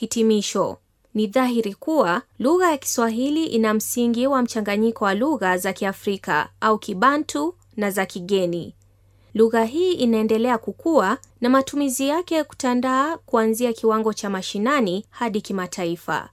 Hitimisho. Ni dhahiri kuwa lugha ya Kiswahili ina msingi wa mchanganyiko wa lugha za Kiafrika au Kibantu na za kigeni. Lugha hii inaendelea kukua na matumizi yake kutandaa kuanzia kiwango cha mashinani hadi kimataifa.